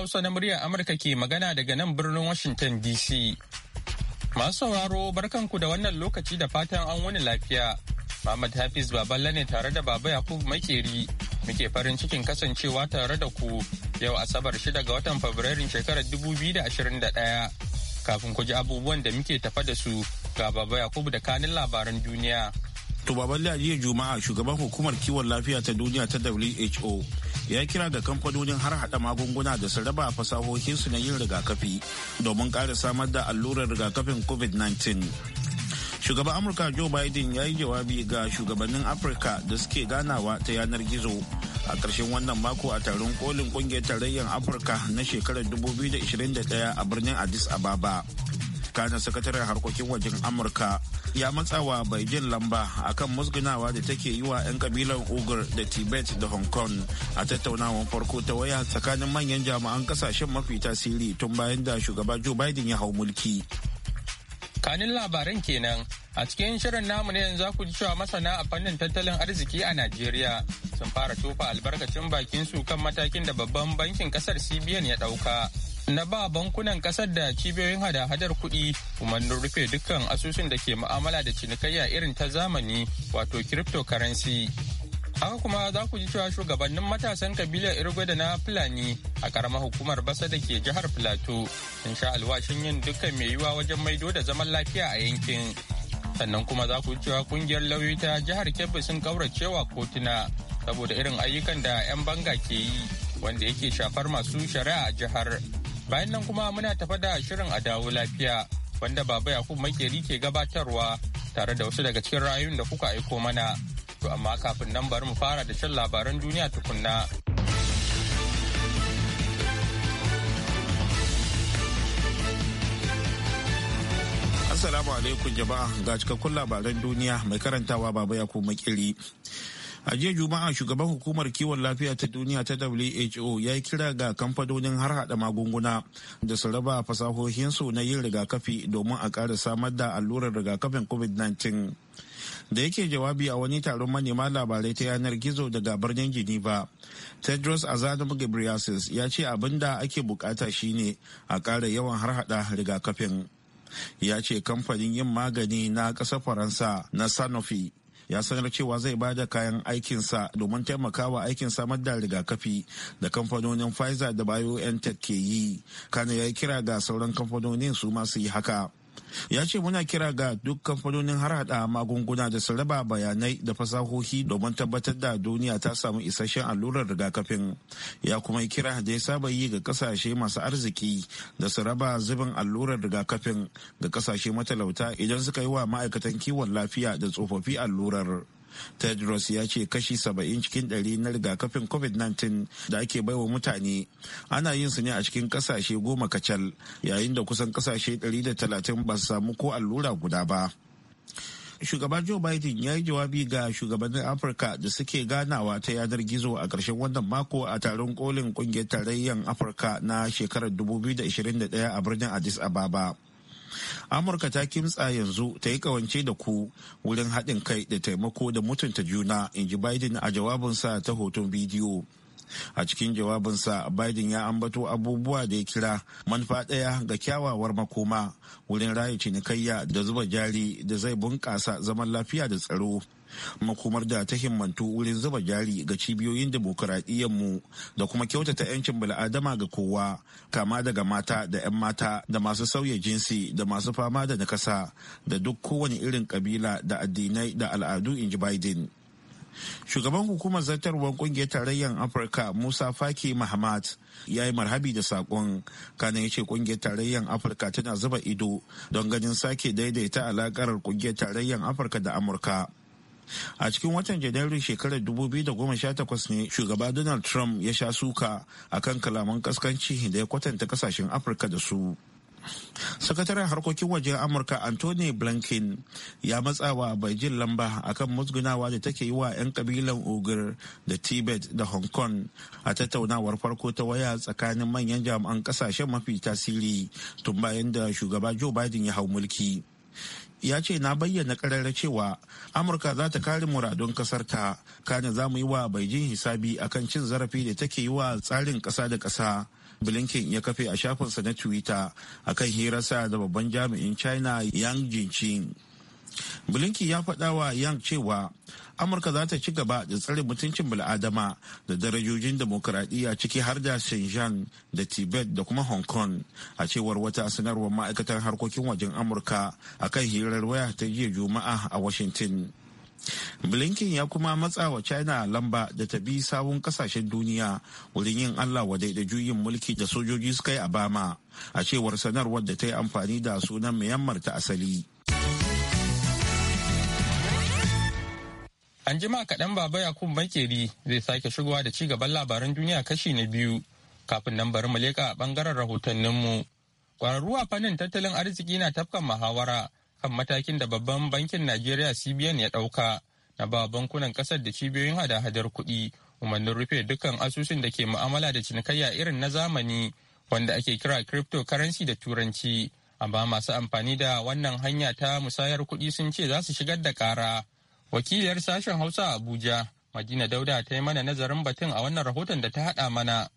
Hausa na muryar Amurka ke magana daga nan birnin Washington DC. Masu sauraro barkanku da wannan lokaci da fatan an wani lafiya. Muhammad Hafiz Baballe ne tare da Baba Yakubu Makeri muke farin cikin kasancewa tare da ku yau Asabar 6 ga watan Fabrairun shekarar 2021. Kafin ku ji abubuwan da muke tafa da su ga Baba Yakubu da kanin labaran duniya. To Baballe jiya Juma'a shugaban hukumar kiwon lafiya ta duniya ta WHO ya kira ga kamfanonin har hada magunguna da su raba su na yin rigakafi domin kare samar da allurar rigakafin covid-19 shugaban amurka joe biden ya yi jawabi ga shugabannin afirka da suke ganawa ta yanar gizo a ƙarshen wannan mako a taron kolin ƙungiyar tarayyar afirka na shekarar 2021 a birnin addis ababa kana sakataren harkokin wajen amurka ya matsawa beijing lamba akan musgunawa da take yi wa 'yan kabilan ugur da tibet da hong kong a tattaunawar farko ta waya tsakanin manyan jami'an kasashen mafi tasiri tun bayan da shugaba joe biden ya hau mulki kanin labaran kenan a cikin shirin namu ne yanzu ku ji cewa masana a fannin tattalin arziki a najeriya sun fara tofa albarkacin bakin su kan matakin da babban bankin kasar cbn ya dauka na ba bankunan kasar da cibiyoyin hada-hadar kuɗi umarnin rufe dukkan asusun da ke ma'amala da cinikayya irin ta zamani wato cryptocurrency haka kuma za ku ji cewa shugabannin matasan kabilar irgwe da na fulani a karamar hukumar basa da ke jihar filato sun sha alwashin yin dukkan mai yiwuwa wajen maido da zaman lafiya a yankin sannan kuma za ku ji cewa kungiyar lauyoyi ta jihar kebbi sun kauracewa kotuna saboda irin ayyukan da 'yan banga ke yi wanda yake shafar masu shari'a a jihar Bayan nan kuma muna tafa da shirin a dawo lafiya wanda Baba Yakub Makeri ke gabatarwa tare da wasu daga cikin rayuwar da kuka aiko mana. To amma kafin nan bari mu fara da shan labaran duniya tukunna. Assalamu alaikum jama'a ga cikakkun labaran duniya mai karantawa baba ya makeri. a jiya juma'a shugaban hukumar kiwon lafiya ta duniya ta who ya yi kira ga kamfanonin har hada magunguna da su raba fasahohinsu na yin rigakafi domin a ƙara samar da allurar rigakafin covid-19 da yake jawabi a wani taron manema labarai ta yanar gizo daga birnin geneva tedros adhanom ghebreyesus ya ce abin da ake bukata shine a ƙara yawan har hada rigakafin ya ce kamfanin yin magani na ƙasar faransa na sanofi ya sanar cewa zai ba da kayan aikinsa domin taimakawa aikin samar da rigakafi da kamfanonin pfizer da biontech ke yi kana ya yi kira ga sauran kamfanonin su masu yi haka ya ce muna kira ga duk kamfanonin har hada magunguna da su raba bayanai da fasahohi domin tabbatar da duniya ta samu isasshen allurar rigakafin ya kuma kira da ya saba yi ga kasashe masu arziki da su raba zubin allurar rigakafin ga kasashe matalauta idan suka yi wa ma'aikatan kiwon lafiya da tsofaffi allurar tedros ya ce kashi saba'in cikin ɗari na rigakafin covid-19 da ake baiwa mutane ana yin su ne a cikin kasashe goma kacal yayin da kusan kasashe 130 ba su samu ko allura guda ba shugaba joe biden ya yi jawabi ga shugabannin afirka da suke ganawa ta yanar gizo a ƙarshen wannan mako a taron kolin ƙungiyar tarayyan afirka na shekarar 2021 a birnin addis ababa amurka ta kimtsa yanzu ta yi kawance da ku wurin haɗin kai da taimako da mutunta juna in ji biden a jawabinsa ta hoton bidiyo a cikin jawabinsa biden ya ambato abubuwa da ya kira manufa ɗaya ga kyawawar makoma wurin raya cinikayya da zuba jari da zai bunƙasa zaman lafiya da tsaro makomar da ta himmantu wurin zuba jari ga cibiyoyin mu da kuma kyautata 'yancin bil'adama ga kowa kama daga mata da 'yan mata da masu sauya jinsi da masu fama da nakasa da duk kowane irin kabila da addinai da al'adu in ji biden shugaban hukumar zartarwar kungiyar tarayyar afirka musa faki mahamat ya yi marhabi da sakon kanan ya ce kungiyar tarayyar afirka tana zuba ido don ganin sake daidaita alakar kungiyar tarayyar afirka da amurka a cikin watan janairu shekarar 2018 ne shugaba donald trump ya sha suka akan kalaman kaskanci da ya kwatanta kasashen afirka da su sakataren harkokin wajen amurka anthony blinken ya matsawa beijing lamba akan musgunawa da take yi wa 'yan kabilan ogur da tibet da hong kong a tattaunawar farko ta waya tsakanin manyan jami'an kasashen mafi tasiri tun bayan da shugaba joe biden ya hau mulki ya ce na bayyana kararra cewa amurka za ta kare muradun kasar ta kana za mu yi wa beijing hisabi akan cin zarafi da take yi wa tsarin kasa da kasa blinken ya kafe a shafinsa na twitter akan hirarsa da babban jami'in china yang jinqing blinken ya faɗa wa yang cewa amurka za ta ci gaba da tsare mutuncin bil'adama da darajojin demokuraɗiyya ciki har da shenzhen da tibet da kuma hong kong a cewar wata sanarwar ma'aikatar harkokin wajen amurka a kan hirar waya ta jiya juma'a a washington blinken ya kuma matsa wa china lamba da ta bi sabon kasashen duniya wurin yin allah wadai da juyin mulki da sojoji suka yi a bama a cewar sanarwar da ta yi amfani da sunan myanmar ta asali An jima kaɗan baba Yakubu Makeri zai sake shigowa da ci gaban labaran duniya kashi na biyu kafin nan bari mu leƙa a ɓangaren rahotanninmu. Ƙwararru a fannin tattalin arziki na tafkan muhawara kan matakin da babban bankin Najeriya CBN ya ɗauka na ba bankunan ƙasar da cibiyoyin hada-hadar kuɗi umarnin rufe dukkan asusun da ke mu'amala da cinikayya irin na zamani wanda ake kira cryptocurrency da turanci amma masu amfani da wannan hanya ta musayar kuɗi sun ce za su shigar da ƙara. wakiliyar sashen hausa a abuja madina dauda ta yi mana nazarin batun a wannan rahoton da ta haɗa mana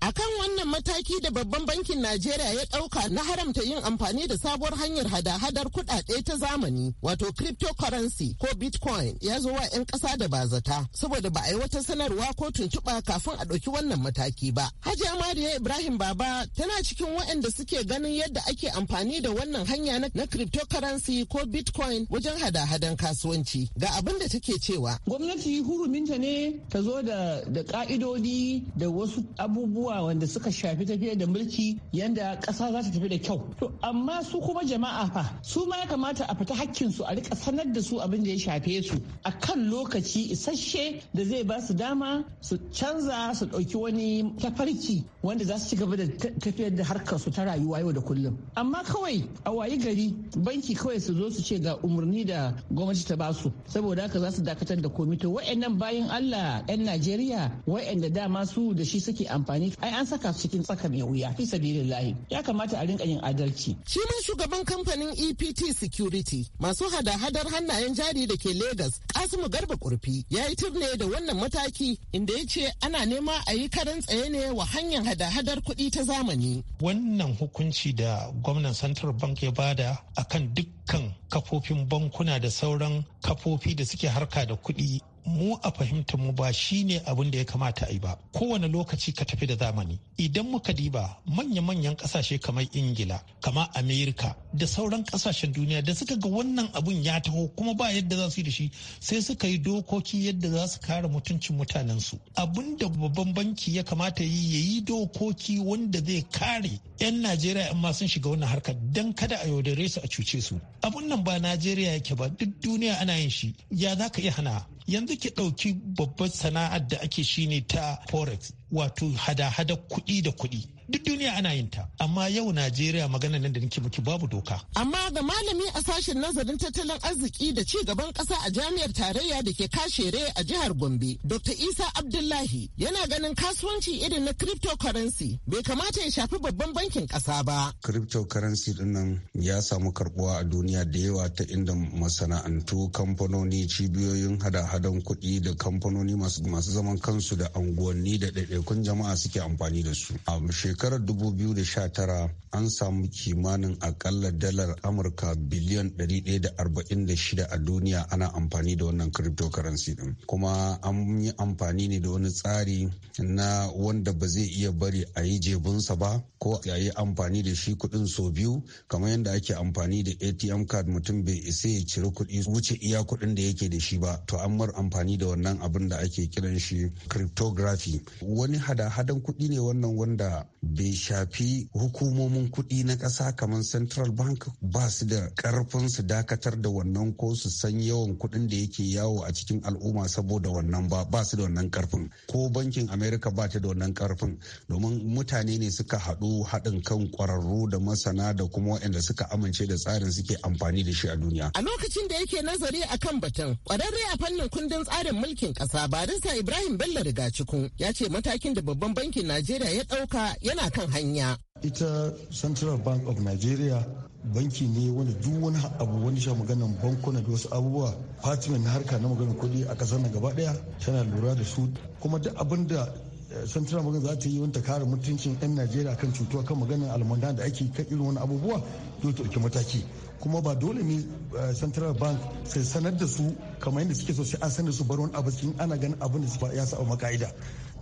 akan wannan mataki da babban bankin najeriya ya ɗauka na haramta yin amfani da sabuwar hanyar hada-hadar kuɗaɗe ta zamani wato cryptocurrency ko bitcoin ya zo wa 'yan ƙasa da ba zata saboda ba a yi wata sanarwa ko tuntuɓa kafin a ɗauki wannan mataki ba hajiya mariya ibrahim baba tana cikin waɗanda suke ganin yadda ake amfani da wannan hanya na cryptocurrency ko bitcoin wajen hada-hadan kasuwanci ga abin da take cewa gwamnati huruminta ne ta zo da ƙa'idodi da wasu abubuwa abubuwa wanda suka shafi tafiyar da mulki yanda ƙasa za ta tafi da kyau to amma su kuma jama'a fa su ma ya kamata a fita hakkin su a rika sanar da su abin da ya shafe su a kan lokaci isasshe da zai ba su dama su canza su ɗauki wani tafarki wanda za su ci gaba da tafiyar da harkar su ta rayuwa yau da kullum amma kawai a wayi gari banki kawai su zo su ce ga umarni da gwamnati ta ba su saboda haka za su dakatar da komai to wa'annan bayan Allah 'yan Najeriya wa'anda dama su da shi suke amfani ai an saka su cikin tsaka mai wuya fi sabilillahi ya kamata a rinka yin adalci shi mun shugaban kamfanin EPT Security masu hada-hadar hannayen jari da ke Lagos Kasimu Garba Kurfi ya yi turne da wannan mataki inda ya ce ana nema a yi karan tsaye ne wa hanyar hada-hadar kuɗi ta zamani wannan hukunci da gwamnan Central Bank ya bada akan dukkan kafofin bankuna da sauran kafofi da suke harka da kuɗi mu a fahimta mu ba shine abin da ya kamata a yi ba kowane lokaci ka tafi da zamani idan muka diba manya-manyan kasashe kamar ingila kamar amerika da sauran kasashen duniya da suka ga wannan abun ya taho kuma ba yadda za su yi da shi sai suka yi dokoki yadda za su kare mutuncin mutanensu abin da babban banki ya kamata yi ya yi dokoki wanda zai kare 'yan najeriya in ma sun shiga wannan harkar don kada a yaudare su a cuce su abun nan ba najeriya yake ba duk duniya ana yin shi ya za ka iya hana yanzu ki ɗauki babbar sana'ar da ake shine ta forex wato hada-hada kuɗi da kuɗi duk duniya ana yin ta amma yau najeriya magana nan da nake miki babu doka amma ga malami a sashen nazarin tattalin arziki da ci gaban kasa a jami'ar tarayya da ke kashere a jihar gombe dr isa abdullahi yana ganin kasuwanci irin na cryptocurrency bai kamata ya shafi babban bankin kasa ba cryptocurrency din nan ya samu karbuwa a duniya da yawa ta inda masana'antu kamfanoni cibiyoyin hada-hadan kuɗi da kamfanoni masu zaman kansu da anguwanni da ɗaiɗaikun jama'a suke amfani da su a shekarar 2019 an samu kimanin akalla dalar amurka biliyan 146 a duniya ana amfani da wannan cryptocurrency din kuma an yi amfani ne da wani tsari na wanda ba zai iya bari a yi jebunsa ba ko a yi amfani da shi kudin so biyu kamar yadda ake amfani da atm card mutum bai isa ya ciri kudi wuce iya kudin da yake da shi ba to an mar amfani da wannan abin da ake kiran shi cryptography wani hada-hadan kudi ne wannan wanda bai shafi hukumomin kuɗi na ƙasa kamar central bank ba su da ƙarfin su dakatar da wannan ko su san yawan kuɗin da yake yawo a cikin al'umma saboda wannan ba ba su da wannan ƙarfin ko bankin america ba ta da wannan ƙarfin domin mutane ne suka haɗu haɗin kan ƙwararru da masana da kuma waɗanda suka amince da tsarin suke amfani da shi a duniya a lokacin da yake nazari a kan batun ƙwararre a fannin kundin tsarin mulkin ƙasa barista ibrahim bello rigacikun ya ce matakin da babban bankin najeriya ya ɗauka yana kan hanya. Ita Central Bank of Nigeria banki ne wani duk wani abu wani sha maganan bankuna da wasu abubuwa fatimin na harka na maganin kuɗi a ƙasar na gaba ɗaya tana lura da su kuma duk abin da eh, central bank za ta yi wani kare mutuncin 'yan najeriya kan cutuwa kan maganin almanda da ake kan irin wani abubuwa dole ta ɗauki mataki kuma ba dole ne eh, central bank sai sanar da su kamar yadda suke so sai an sanar da su bar wani abu cikin ana ganin abin da ya saba maka'ida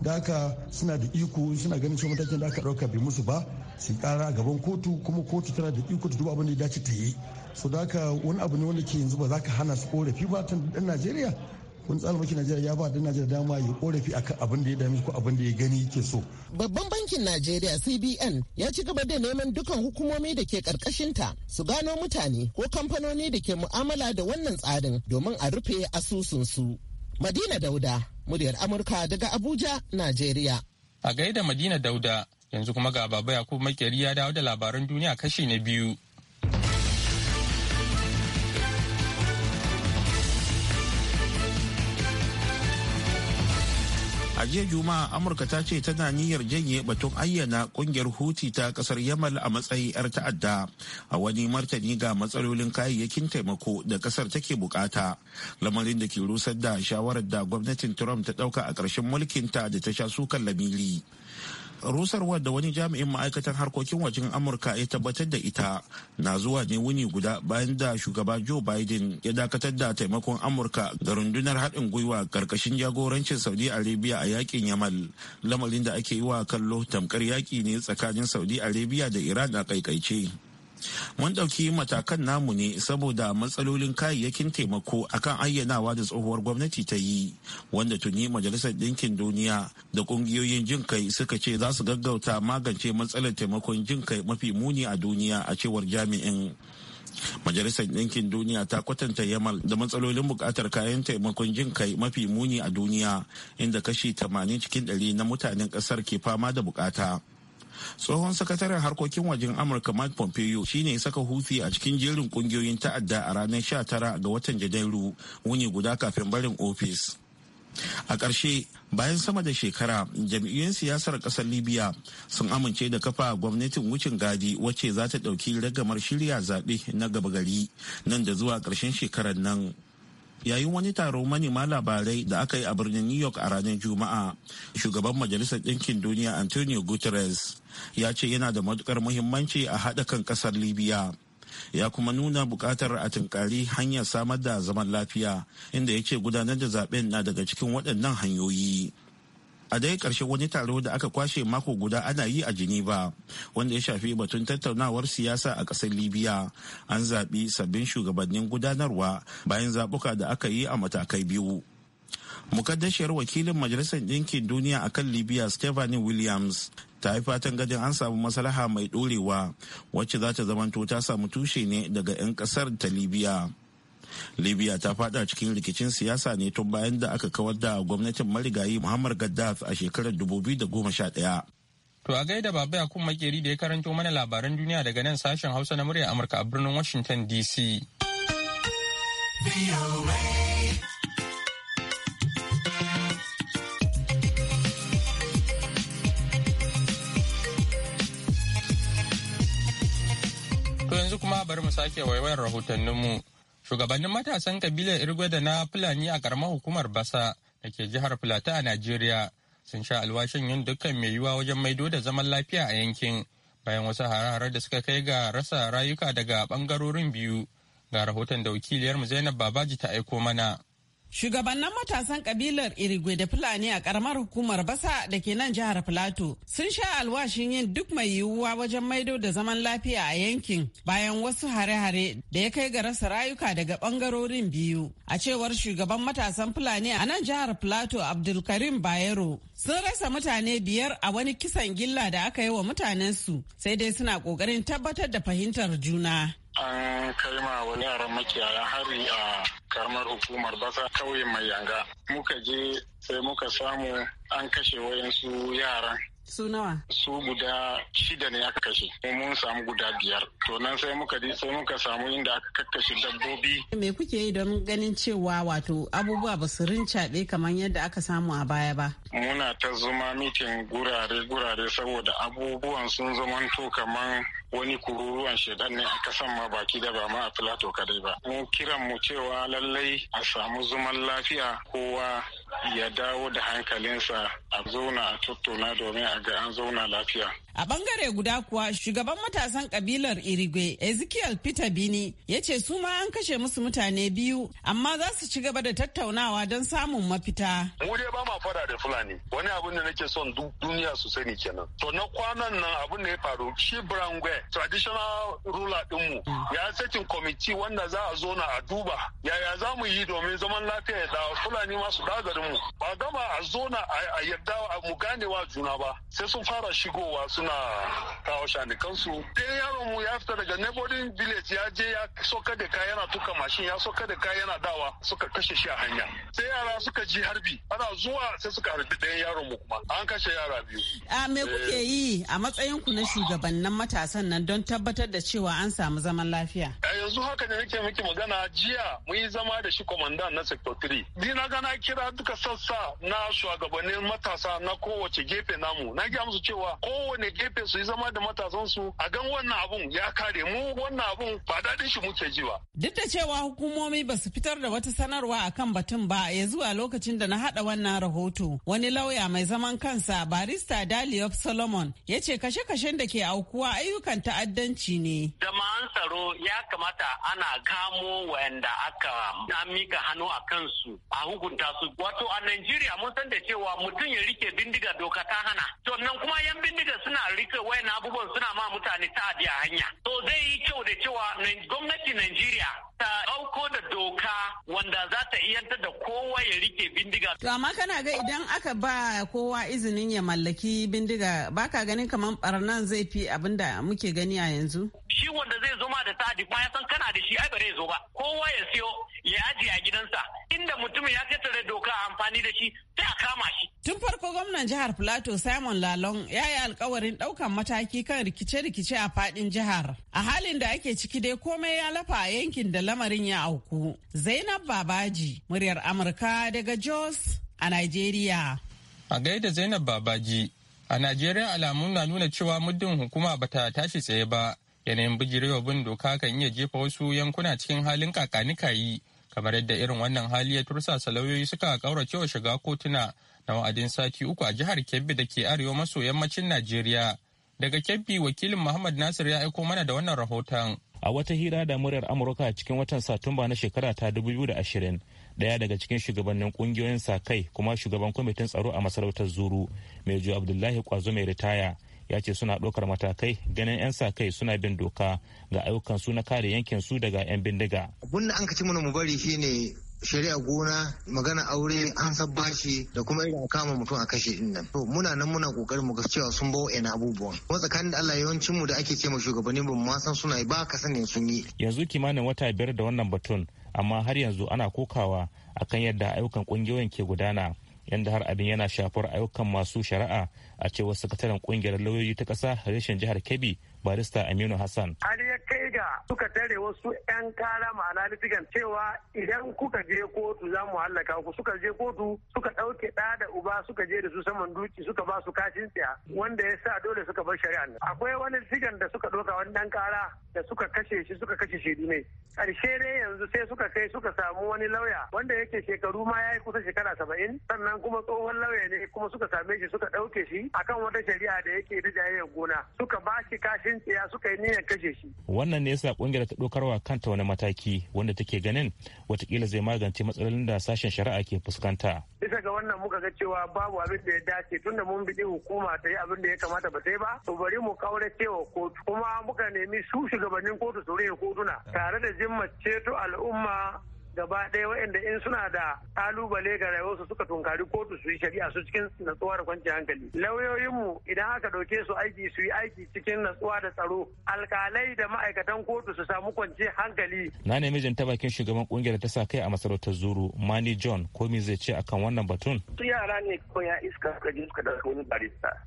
daka haka suna da iko suna ganin cewa matakin da aka dauka bai musu ba su kara a gaban kotu kuma kotu tana da iko ta duba abin da ya dace ta yi so da wani abu ne wanda ke yanzu ba za ka hana su korafi ba tun dan najeriya wani tsarin najeriya ya ba da najeriya dama ya korafi akan abin da ya dame ko abin da ya gani yake so babban bankin najeriya cbn ya ci gaba da neman dukkan hukumomi da ke karkashinta su gano mutane ko kamfanoni da ke mu'amala da wannan tsarin domin a rufe asusunsu madina dauda muryar Amurka daga Abuja, Najeriya. A gaida Madina Dauda, yanzu kuma ga Baba Yakubu Makeri ya dawo da labaran duniya kashi na biyu. a jiya juma'a amurka ta ce tana niyyar janye batun ayyana kungiyar huti ta kasar yamal a matsayi 'yar ta'adda a wani martani ga matsalolin kayayyakin taimako da kasar take bukata lamarin da ke rusar da shawarar da gwamnatin trump ta dauka a ƙarshen mulkinta da ta sha sukan lamili rusarwar da wani jami'in ma'aikatar harkokin wajen amurka ya tabbatar da ita na zuwa ne wuni guda bayan da shugaba joe biden ya dakatar da taimakon amurka ga rundunar haɗin gwiwa karkashin jagorancin saudi arabia a yakin yamal lamarin da ake yi wa kallo tamkar yaƙi ne tsakanin saudi arabia da iran a kaikaice mun ɗauki matakan namu ne saboda matsalolin kayayyakin taimako akan ayyanawa da tsohuwar gwamnati ta yi wanda tuni majalisar ɗinkin duniya da ƙungiyoyin jin kai suka ce za su gaggauta magance matsalar taimakon jin kai mafi muni a duniya a cewar jami'in majalisar ɗinkin duniya ta kwatanta yamal da matsalolin buƙatar kayan taimakon jin kai mafi muni a duniya inda kashi 80 cikin 100 na mutanen ƙasar ke fama da buƙata. tsohon sakataren harkokin wajen amurka mike pompeo shine saka huthi a cikin jerin kungiyoyin ta'adda a ranar sha tara ga watan janairu wuni guda kafin barin ofis a ƙarshe bayan sama da shekara jam'iyyun siyasar ƙasar libya sun amince da kafa gwamnatin wucin gadi wacce za ta ɗauki ragamar shirya zaɓe na gaba gari nan da zuwa ƙarshen shekarar nan yayin wani taron manema labarai da aka yi a birnin new york a ranar juma'a shugaban majalisar ɗinkin duniya antonio guterres ya ce yana da matukar muhimmanci a haɗa kan ƙasar libya ya kuma nuna buƙatar a tunkari hanyar samar da zaman lafiya inda ya ce gudanar da zaben na daga cikin waɗannan hanyoyi a dai ƙarshe wani taro da aka kwashe mako guda ana yi a geneva wanda ya shafi batun tattaunawar siyasa a ƙasar libya an zaɓi sabbin shugabannin gudanarwa bayan zaɓuka da aka yi a matakai biyu mukaddashiyar wakilin majalisar ɗinkin duniya a kan libya stephanie williams ta yi fatan gadin an samu masalaha mai ɗorewa wacce za ta zamanto ta samu tushe ne daga 'yan ƙasar ta libya libya ta fada cikin rikicin siyasa ne tun bayan da aka kawar da gwamnatin marigayi muhammad gaddaf a shekarar 2011 To a gaida baba yakun makeri da ya karanto mana labaran duniya daga nan sashen hausa na murya amurka a birnin washington dc To yanzu kuma bari mu sake waiwayar rahotanninmu. mu Shugabannin matasan kabilar Irgwe da na Fulani a karamar hukumar Basa da ke jihar Filata a Najeriya sun sha alwashin yin dukkan mai yiwuwa wajen maido da zaman lafiya a yankin bayan wasu hare-hare da suka kai ga rasa rayuka daga bangarorin biyu ga rahoton da wakiliyarmu Zainab Babaji ta aiko mana. Shugabannin matasan kabilar Irigwe da Fulani a karamar hukumar Basa da ke nan jihar Filato sun sha alwashin yin duk mai yiwuwa wajen maido da zaman lafiya a yankin bayan wasu hare-hare da ya kai ga rasa rayuka daga bangarorin biyu. A cewar shugaban matasan Fulani a nan jihar Filato Abdulkarim Bayero sun rasa mutane biyar a wani kisan gilla da aka yi wa mutanensu sai dai suna kokarin tabbatar da fahimtar juna. an kai ma wani yaran makiyaya hari a karamar hukumar basa kauyen mai yanga muka je sai muka samu an kashe wayansu yaran Su nawa? Su guda shida ne aka kashe. Mun samu guda biyar. To nan sai muka sai muka samu inda aka kakkashe dabbobi. Me kuke yi don ganin cewa wato abubuwa ba su rincaɓe kamar yadda aka samu a baya ba? Muna ta zuma mitin gurare-gurare saboda abubuwan sun zama zamanto kamar wani kururuwan shedan ne a kasan ma baki da ba ma a filato kadai ba. Mu kiran mu cewa lallai a samu zuman lafiya kowa ya dawo da hankalinsa a zauna a tattauna domin a ga an zauna lafiya. A bangare guda kuwa shugaban matasan kabilar Irigwe Ezekiel Peter Bini ya ce su ma an kashe musu mutane biyu amma za su ci gaba da tattaunawa don samun mafita. Mu dai ba ma fada da Fulani wani abin da nake son duniya su sani kenan. To na kwanan nan abin da ya faru shi Brangwe traditional ruler dinmu ya sakin kwamiti wanda za a zo na a duba yaya za mu yi domin zaman lafiya ya dawo Fulani masu daga mu ba gama a zona a yadda mu gane wa juna ba sai sun fara shigowa suna kawo shanikansu ɗaya yaron mu ya fita daga neighboring village ya je ya soka da kaya yana tuka mashin ya soka da kaya yana dawa suka kashe shi a hanya sai yara suka ji harbi ana zuwa sai suka harbi ɗayan yaron mu kuma an kashe yara biyu. a me kuke eh. yi a matsayin ku na shugabannin matasan nan don tabbatar da cewa an samu zaman lafiya. a yanzu haka ne nake miki magana jiya mun yi zama da shi kwamandan na sector 3 ni na gana kira duk suka sassa na shugabannin matasa na kowace gefe namu na gaya musu cewa kowane gefe su yi zama da su a gan wannan abun ya kare mu wannan abun ba dadin shi muke ji ba. Duk da cewa hukumomi ba su fitar da wata sanarwa akan batun ba ya zuwa lokacin da na haɗa wannan rahoto wani lauya mai zaman kansa barista Daliop Solomon ya ce kashe-kashen da ke aukuwa ayyukan ta'addanci ne. Jama'an tsaro ya kamata ana kamo wayanda aka mika hannu a kansu a hukunta su wato a Najeriya mun san da cewa mutum ya rike bindiga doka ta hana. To nan kuma yan bindiga suna rike wayan abubuwan suna ma mutane ta a hanya. To zai yi kyau da cewa gwamnati Najeriya ta ɗauko da doka wanda za ta iyantar da kowa ya rike bindiga. To amma kana ga idan aka ba kowa izinin ya mallaki bindiga baka ganin kamar barnan zai fi abin da muke gani a yanzu? Shi wanda zai zo ma da tadi kuma ya san kana da shi ai bare zo ba. Kowa ya siyo ya ajiye a gidansa. Inda mutumin ya tattare doka a amfani da shi sai a kama shi. Tun farko gwamnan jihar Plateau Simon lalon ya yi alkawarin ɗaukan mataki kan rikice-rikice a faɗin jihar. A halin da ake ciki dai komai ya lafa a yankin da lamarin ya auku. Zainab Babaji, muryar Amurka daga Jos a Nigeria. A gaida Zainab Babaji, a Najeriya alamu na nuna cewa muddin hukuma bata tashi tsaye ba. Yanayin bijirewa bin doka kan iya jefa wasu yankuna cikin halin kakanikayi kamar yadda irin wannan hali ya tursa salauyoyi suka cewa shiga kotuna na wa'adin sati uku a jihar kebbi da ke arewa maso yammacin najeriya daga kebbi wakilin muhammad nasir ya aiko mana da wannan rahoton a wata hira da muryar amurka cikin watan satumba na shekara ta ashirin. daya daga cikin shugabannin kungiyoyin sa kai kuma shugaban kwamitin tsaro a masarautar zuru mai abdullahi kwazo mai ritaya ya ce suna ɗaukar matakai ganin 'yan sa kai suna bin doka ga ayyukan su na kare yankin su daga 'yan bindiga. Abun da an ci mana mu bari shine shari'a gona magana aure an bashi da kuma irin kama mutum a kashe din nan to muna nan muna kokarin mu ga cewa sun bawo ina abubuwan kuma tsakanin da Allah yawancin mu da ake ce ma shugabannin mu ma san suna ba ka sanin sun yi yanzu kimanin wata biyar da wannan batun amma har yanzu ana kokawa akan yadda ayyukan kungiyoyin ke gudana yanda har abin yana shafar ayyukan masu shari'a a cewar sakataren kungiyar lauyoyi ta kasa reshen jihar kebbi barista aminu hassan har ya kai ga suka tare wasu 'yan kara ma'ana cewa idan kuka je kotu za mu hallaka ku suka je kotu suka ɗauke ɗa da uba suka je da su saman duki suka ba su kashin tsaya wanda ya sa dole suka bar shari'a akwai wani sigan da suka ɗauka wani ɗan kara da suka kashe shi suka kashe shi ne ƙarshe ne yanzu sai suka kai suka samu wani lauya wanda yake shekaru ma ya yi kusa shekara saba'in sannan kuma tsohon lauya ne kuma suka same shi suka ɗauke shi akan wata shari'a da yake da jayayyar gona suka ba shi sun ya suka yi niyyar kashe shi. Wannan ne yasa kungiyar ta ɗaukarwa kanta wani mataki wanda take ganin watakila zai magance matsalolin da sashen shari'a ke fuskanta. Bisa ga wannan muka ga cewa babu abin da ya dace tunda mun bi hukuma ta yi abin da ya kamata ba ta yi ba to bari mu kaure cewa kotu kuma muka nemi su shugabannin kotu su rage kotuna tare da jimma ceto al'umma gaba ɗaya waɗanda in suna da kalubale ga rayuwarsu suka tunkari kotu su yi shari'a su cikin natsuwa da kwanciyar hankali lauyoyinmu idan aka ɗauke su aiki su yi aiki cikin natsuwa da tsaro alkalai da ma'aikatan kotu su samu kwanciyar hankali na nemi ta bakin shugaban ƙungiyar ta sa kai a masarautar zuru mani john ko me zai ce akan wannan batun su yara ne ko ya iska suka ji suka ɗauka wani barista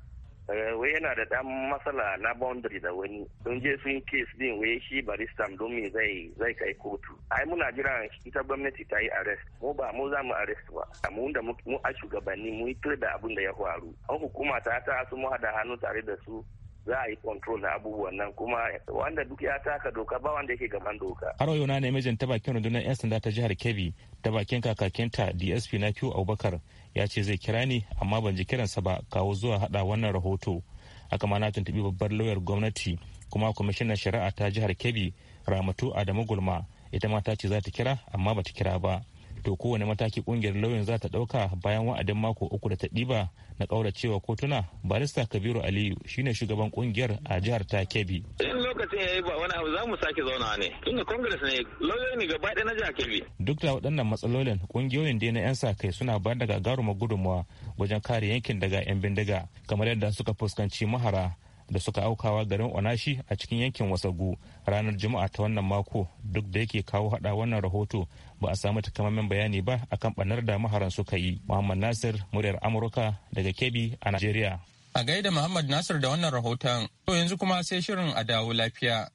Eh, wai yana da dan matsala na boundary da wani don je sun kes din wai shi barista don me zai zai kai kotu ai muna jira ita gwamnati ta yi arrest mu ba mu za mu arrest ba mu da mu a shugabanni mu yi da abin da ya faru an hukuma ta ta su mu hada hannu tare da su za a yi control na abubuwan nan kuma wanda duk ya taka doka ba wanda yake gaban doka. Har yau na nemi mijin ta bakin rundunar 'yan sanda ta jihar Kebbi ta bakin kakakinta DSP na q Abubakar ya ce zai kira ni amma ban ji kiransa ba kawo zuwa hada wannan rahoto aka ma na tuntubi babbar lauyar gwamnati kuma kwamishinan shari'a ta jihar kebbi ramatu adamu gulma ita ma ta ce za ta kira amma ba ta kira ba to kowane mataki kungiyar lauyan za ta dauka bayan wa'adin mako uku da ta ɗiba na cewa kotuna barista kabiru aliyu shine shugaban kungiyar a jihar ta kebbi in lokacin ya ba wani abu za sake zauna ne tunda congress ne lauyoyi ne gaba na jihar kebbi duk da waɗannan matsalolin kungiyoyin dai na yan sa kai suna bayar da gagarumar gudunmawa wajen kare yankin daga yan bindiga kamar yadda suka fuskanci mahara da suka aukawa garin onashi a cikin yankin wasagu ranar juma'a ta wannan mako duk da yake kawo hada wannan rahoto ba a samu takamaiman bayani ba akan banar da maharan suka yi muhammad nasir muryar amurka daga kebbi a nigeria a gaida muhammad nasir da wannan rahoton to yanzu kuma sai shirin a dawo lafiya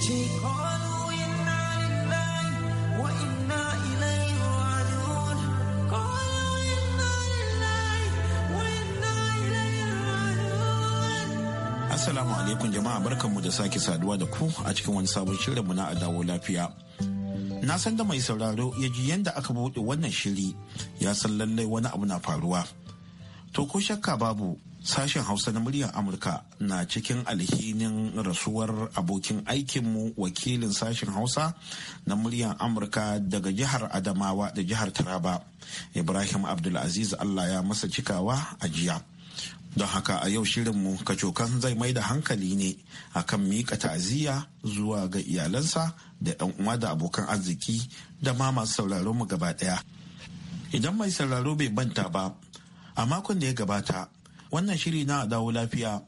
Take Assalamu alaikum jama'a barkanmu da sake saduwa da ku a cikin wani sabon mu na adawo lafiya. Na san da mai sauraro ya ji yadda aka buɗe wannan shiri ya san lallai wani abu na faruwa. To ko shakka babu sashen Hausa na muryar Amurka na cikin alhinin rasuwar abokin aikinmu wakilin sashen Hausa na muryar Amurka daga jihar Adamawa da jihar Taraba. Ibrahim Abdulaziz Allah ya masa cikawa a jiya. don haka a yau shirinmu kacokan zai mai da hankali ne akan miƙa ta'aziyya zuwa ga iyalansa da 'yan uwa da abokan arziki da ma masu sauraron mu gaba ɗaya idan mai sauraro bai banta ba a makon da ya gabata wannan shiri na dawo lafiya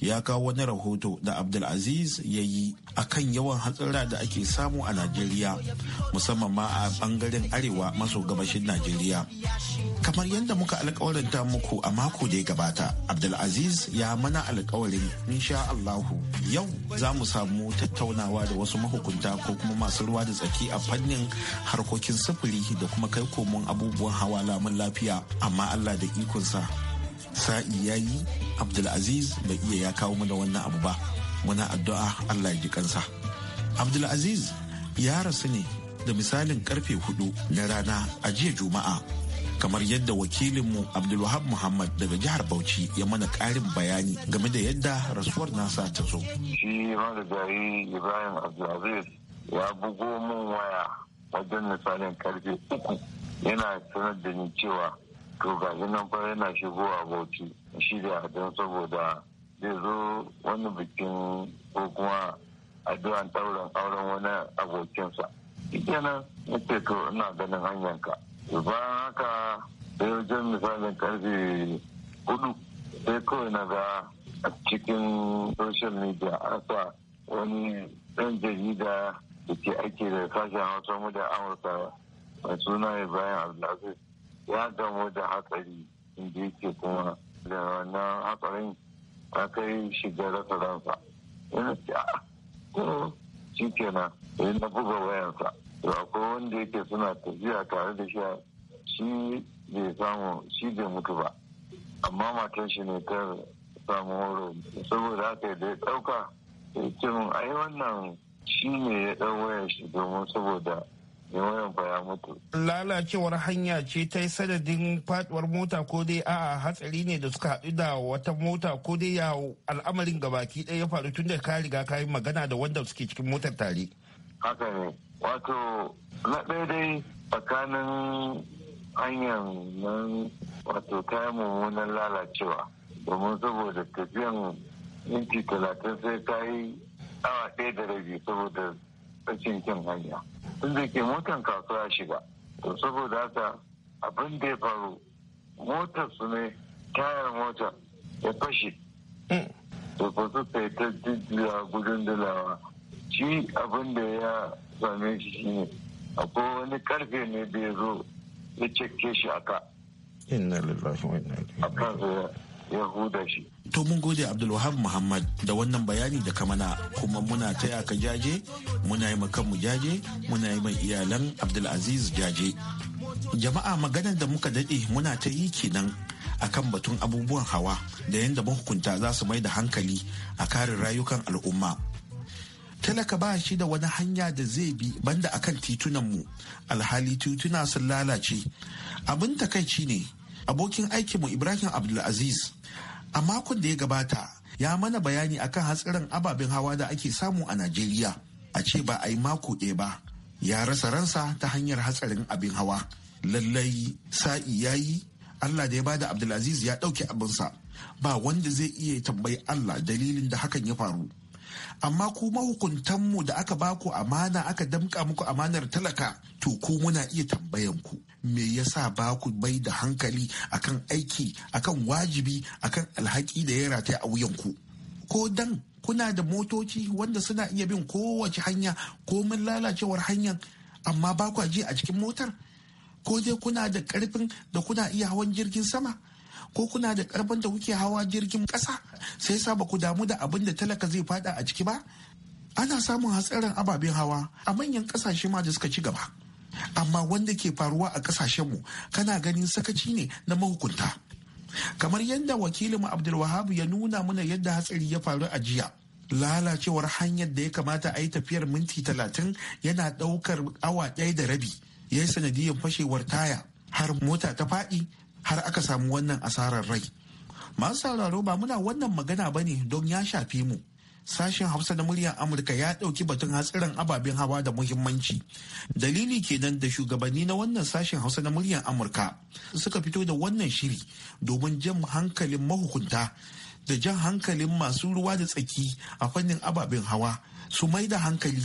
ya kawo wani rahoto da abdulaziz ya yi a kan yawan hatsara da ake samu a najeriya musamman ma a bangaren arewa maso gabashin najeriya kamar yadda muka alkawarinta muku a mako da ya gabata abdulaziz ya mana alkawarin insha allahu yau za mu samu tattaunawa da wasu mahukunta ko kuma masu ruwa da tsaki a fannin harkokin sufuri da kuma kai komon abubuwan hawa lamun lafiya amma allah da ikonsa sa'i ya yi abdulaziz bai iya ya kawo mana wannan abu ba muna addu'a allah ya ji kansa abdulaziz ya rasu ne da misalin karfe hudu na rana a jiya juma'a kamar yadda wakilinmu abdulwahab muhammad daga jihar bauchi ya mana karin bayani game da yadda rasuwar nasa ta zo shi gari ibrahim abdulaziz ya bugo min waya wajen misalin karfe uku yana sanar da ni cewa to ga nan fa yana a bauchi da don saboda zai zo wani bikin ko kuma addu'an tauren auren wani abokinsa kenan nake to ina ganin hanyanka bayan haka sai wajen misalin karfe hudu sai kawai na ga a cikin social media an sa wani ɗan jarida da ke aiki da sashen hausa mu da amurka mai suna bayan abdulaziz ya damu da hatsari inda yake kuma da wannan hatsarin ta kai shiga rasa ransa yana ce a ah, kuma shi na yi na buga wayansa to akwai wanda yake suna tafiya tare da shi shi bai samu shi bai mutu ba amma matan shi ne ta samu horo saboda haka da ya ɗauka ya ce mun ai wannan shi ne ya ɗau wayar shi domin saboda yawayan mutu. Lalacewar hanya ce ta yi sadadin faduwar mota ko dai a'a hatsari ne da suka haɗu da wata mota ko dai ya al'amarin gabaki ɗaya ya faru tun da ka riga ka yi magana da wanda suke cikin motar tare. Haka ne, wato na ɗaya dai tsakanin hanyar nan wato ta yi mummunan lalacewa domin saboda tafiyan minti talatin sai ta yi awa ɗaya da rabi saboda rashin kyan hanya. tun da ke motan kasuwa shiga to saboda haka abin da ya faru motar su ne tayar mota ya fashe mm. to ko su sai ta jijjiya gudun dalawa shi abin da ya same shi ne akwai wani karfe ne da ya zo ya cike shi aka inna lillahi wa ya shi. To mun gode Abdulwahab Muhammad da wannan bayani da kamana kuma muna taya ka jaje muna yi kanmu jaje muna yi mai iyalan Abdulaziz jaje. Jama'a maganar da muka daɗe muna ta yi kenan akan batun abubuwan hawa da yadda mahukunta za su mai da hankali a karin rayukan al'umma. Talaka ba shi da wani hanya da zai bi banda akan titunan mu. alhali tituna sun lalace. Abin takaici ne abokin aikinmu ibrahim abdulaziz a makon da ya gabata ya mana bayani akan hatsarin ababen hawa da ake samu a najeriya a ce ba a yi mako ɗaya ba ya rasa ransa ta hanyar hatsarin abin hawa lallai sa'i ya yi allah da ya bada abdulaziz ya ɗauke abinsa ba wanda zai iya tambayi allah dalilin da hakan ya faru amma ku mahukuntanmu da aka baku amana aka damka muku amanar talaka to ku muna iya tambayan ku me yasa ba ku bai da hankali akan aiki akan wajibi akan alhaki da ya rataya a wuyanku ko dan kuna da motoci wanda suna iya bin kowace hanya ko komin lalacewar hanyar amma ba kwa ji a cikin motar ko dai kuna da karfin da kuna iya hawan jirgin sama ko kuna da karfin da kuke hawa jirgin ƙasa sai sa ba ku damu da abin da talaka zai fada a ciki ba ana samun hatsarin ababen hawa a manyan ƙasashe ma da suka ci gaba amma wanda ke faruwa a kasashenmu kana ganin sakaci ne na mahukunta kamar yadda wakilinmu abdulwahab ya nuna mana yadda hatsari ya faru a jiya lalacewar hanyar da ya kamata a yi tafiyar minti talatin yana ɗaukar awa ɗaya da rabi ya yi sanadiyar fashewar taya har mota ta faɗi har aka samu wannan asarar rai masu sauraro ba muna wannan magana ba ne don ya shafe mu sashen hausa na muryar amurka ya ɗauki batun hatsiran ababen hawa da muhimmanci dalili kenan da shugabanni na wannan sashen hausa na muryar amurka suka fito da wannan shiri domin jan hankalin mahukunta da jan hankalin masu ruwa da tsaki a fannin ababen hawa su mai da hankali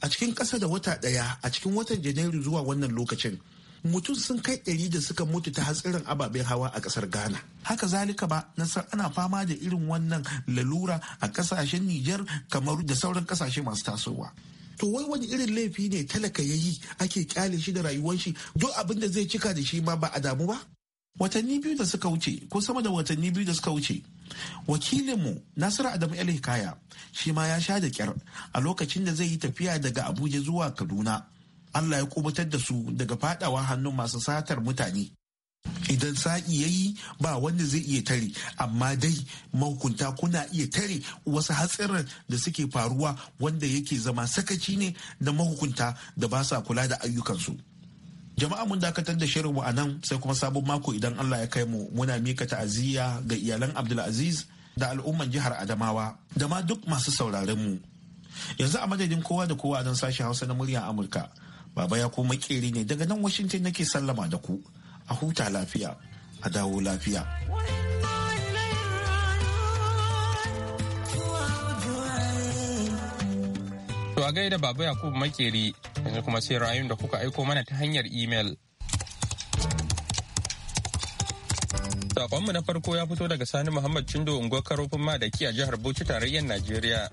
a cikin ƙasa da wata ɗaya a cikin watan janairu zuwa wannan lokacin mutum sun kai ɗari da suka mutu ta hatsarin ababen hawa a ƙasar ghana haka zalika ba na san ana fama da irin wannan lalura a ƙasashen Nijar kamar da sauran ƙasashe masu tasowa to wai wani irin laifi ne talaka ya yi ake kyale shi da rayuwar shi duk abin da zai cika da shi ma ba a damu ba watanni biyu da suka wuce ko sama da watanni biyu da suka wuce wakilinmu nasiru adamu el hikaya shi ma ya sha da kyar a lokacin da zai yi tafiya daga abuja zuwa kaduna Allah ya kubutar da su daga fadawa hannun masu satar mutane idan sa'i ya yi ba wanda zai iya tare amma dai mahukunta kuna iya tare wasu hatsarin da suke faruwa wanda yake zama sakaci ne da mahukunta da ba sa kula da ayyukansu jama'a mun dakatar da shirinmu a nan sai kuma sabon mako idan allah ya kai mu muna mika ta'aziyya ga iyalan abdulaziz da al'umman jihar adamawa da ma duk masu sauraren mu yanzu a madadin kowa da kowa don sashen hausa na muryar amurka Baba ya koma ne daga nan Washington nake sallama da ku. A huta lafiya, a dawo lafiya. To a gaida Baba Yakubu Makeri yanzu kuma sai rayun da kuka aiko mana ta hanyar imel. Sakonmu na farko ya fito daga Sani Muhammad Cindo unguwar karofin ma madaki a jihar Bauchi tarayyar Najeriya.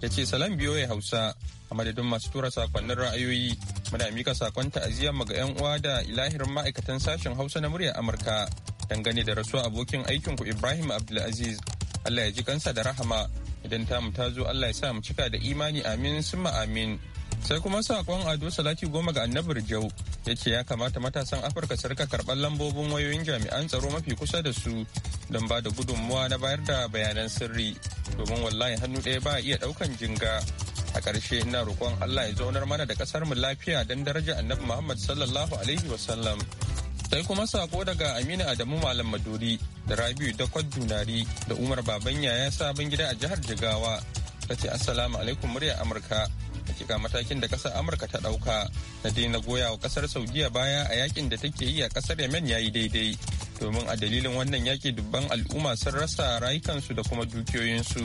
ya ce salam ya hausa a madadin masu tura sakonnin ra'ayoyi muna mika sakon ta'aziyar mu ga yan uwa da ilahirin ma'aikatan sashen hausa na muryar amurka dangane da rasuwa abokin aikin ku ibrahim abdulaziz allah ya ji kansa da rahama idan ta mu ta zo allah ya sa mu cika da imani amin sun amin sai kuma sakon ado salati goma ga annabar jau ya ce ya kamata matasan afirka su karɓar lambobin wayoyin jami'an tsaro mafi kusa da su don ba da gudunmuwa na bayar da bayanan sirri domin wallahi hannu ɗaya ba iya ɗaukan jinga a ƙarshe ina roƙon allah ya zaunar mana da ƙasar mu lafiya don daraja annabi muhammad sallallahu alaihi wasallam sai kuma sako daga amina adamu malam maduri da rabiu da dunari da umar baban yaya sabon gida a jihar jigawa ta ce assalamu alaikum murya amurka kika matakin da kasar amurka ta dauka na daina goya wa kasar saudiya baya a yakin da take yi a kasar yemen yi daidai domin a dalilin wannan yaki dubban al'umma sun rasa rayukansu da kuma dukiyoyinsu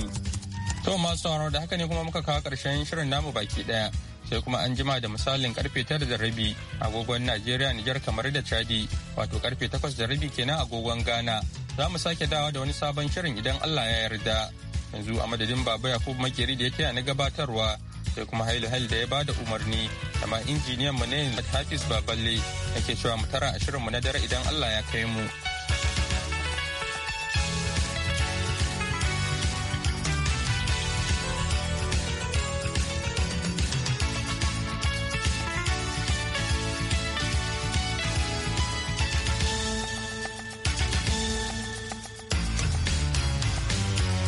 to masu sauraro da haka ne kuma muka kawo karshen shirin namu baki daya sai kuma an jima da misalin karfe tara da rabi agogon najeriya niger kamar da chadi wato karfe takwas da rabi kenan agogon ghana za mu sake dawa da wani sabon shirin idan allah ya yarda yanzu a madadin baba yakubu makeri da ya taya na gabatarwa sai kuma hailu hail da ya bada umarni amma injiniyan mu ne hafiz baballe yake cewa mu tara ashirin mu na dare idan allah ya kai mu